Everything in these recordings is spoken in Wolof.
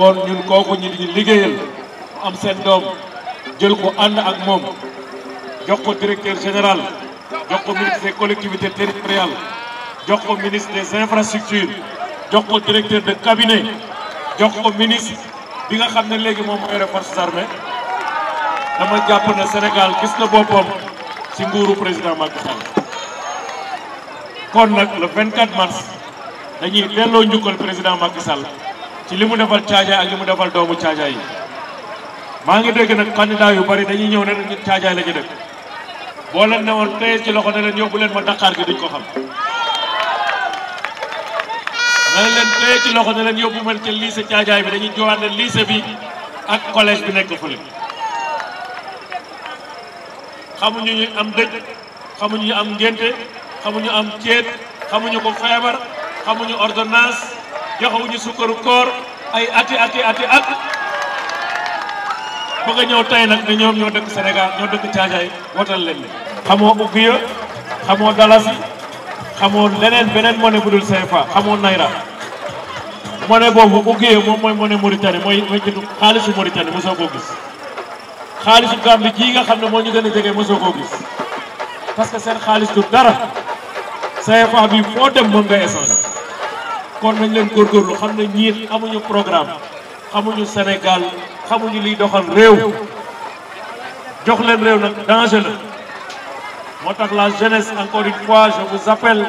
kon ñun kooku ñu di liggéeyal am seen doom jël ko ànd ak moom jox ko directeur général jox ko ministre des collectivités territoriales jox ko ministre directeur de cabinet jox ko ministre bi nga xam ne léegi moom mooy forces armées dama jàpp ne Sénégal gis na boppam ci nguuru président Macky Sall kon nag le 24 mars dañuy delloo njukkal président Macky Sall ci li mu defal caajaay ak li mu defal doomu caajaay yi maa ngi dégg nag candidat yu bari dañuy ñëw ne ne caajaay la dëkk boo leen ne woon ci loxo ne leen yóbbu leen ma Dakar gi duñ ko xam ne leen téye ci loxo ne leen yóbbu man ca lycée caajaay bi dañuy jowaat ne lycée bi ak collège bi nekk fële xamuñu ñu am dëj xamuñu ñu am ngénte xamuñu am ceet xamuñu ko feebar xamuñu ordonnance joxewuñu sukkaru koor ay ati ati ati at bëgg a ñëw tey nag ne ñoom ñoo dëkk Sénégal ñoo dëkk Caajaay wotal leen xamoo uguya xamoo dalasi xamoo leneen beneen monnaie bu dul CFA xamoo Naira monnaie boobu uguya moom mooy monnaie Mauritanie mooy mooy jëndu xaalisu Mauritanie mosoo koo gis xaalisu Gambie ji nga xam ne moo ñu gën a jege mosoo koo gis parce que seen xaalis du dara CFA bi foo dem mën nga échanger kon nañ leen programme, xam programme Sénégal xamuñu liy doxal réew jox leen réew la la jeunesse encore une fois je vous appelle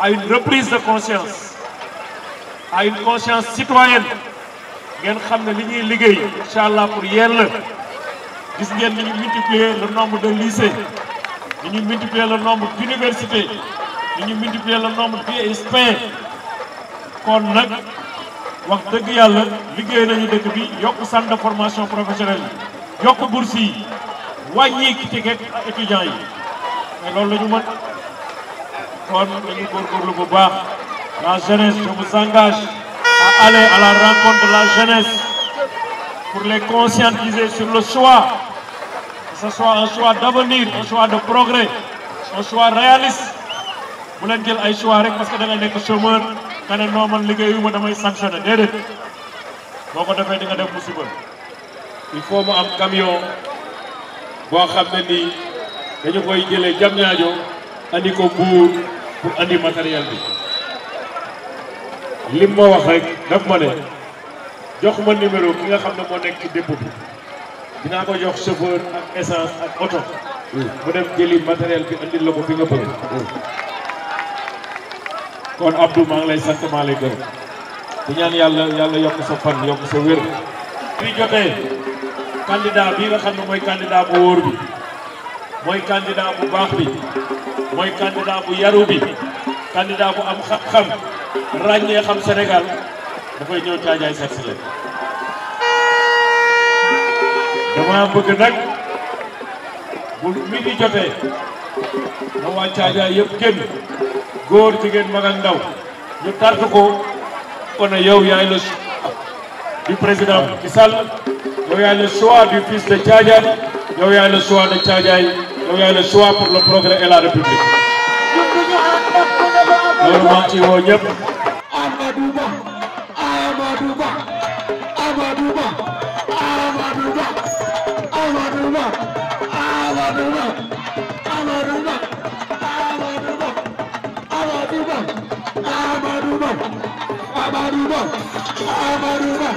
à une reprise de conscience à une conscience citoyenne ngeen xam pour y gis ngeen ni le nombre de lycées ñu le nombre d'universités ñu le nombre kon nag wax dëgg yàlla liggéey nañu dëkk bi yokk centre de formation professionnelle yokk bourse yi wàññi ki yi te loolu la ñu mën kon dañu góorgóorlu bu baax la jeunesse je vous engage à à la rencontre la jeunesse pour les conscientiser sur le choix que ce soit un choix d'avenir un choix de progrès un choix réaliste bu leen jël ay choix rek parce que da nekk chômeur nga ne noo man liggéeyuma damay sanctionné déedéet boo ko defee di nga def musiba il faut mu am camion boo xam ne nii dañu koy jëlee jam ñaajo ko buur pour andi matériel bi lim ma wax rek daf ma ne jox ma numéro ki nga xam ne moo nekk ci dépôt bi dinaa ko jox chauffeur ak essence ak oto mu dem jëli matériel bi andil la ko nga bëgg kon Abdou maa ngi lay sant maa lay ñaan yàlla yàlla yokk sa fan yokk sa wér. bi jotee candidat bi nga xam ne mooy kàndidaa bu wóor bi mooy candidat bu baax bi mooy candidat bu yaru bi candidat bu am xam ràññee xam Sénégal dafay ñëw caajaay seet si leen dama bëgg nag bu mi ngi ba waa Caajaay yëpp génn góor jigéen mag ak ndaw ñu tàrtu ko on a yow yaay le du président Macky Sall yow yaay le choix du fils de Caajaay yow yaay le choix de Caajaay yow yaay le choix pour le progrès et la république loolu maa ci woo Abaruba, Abaruba.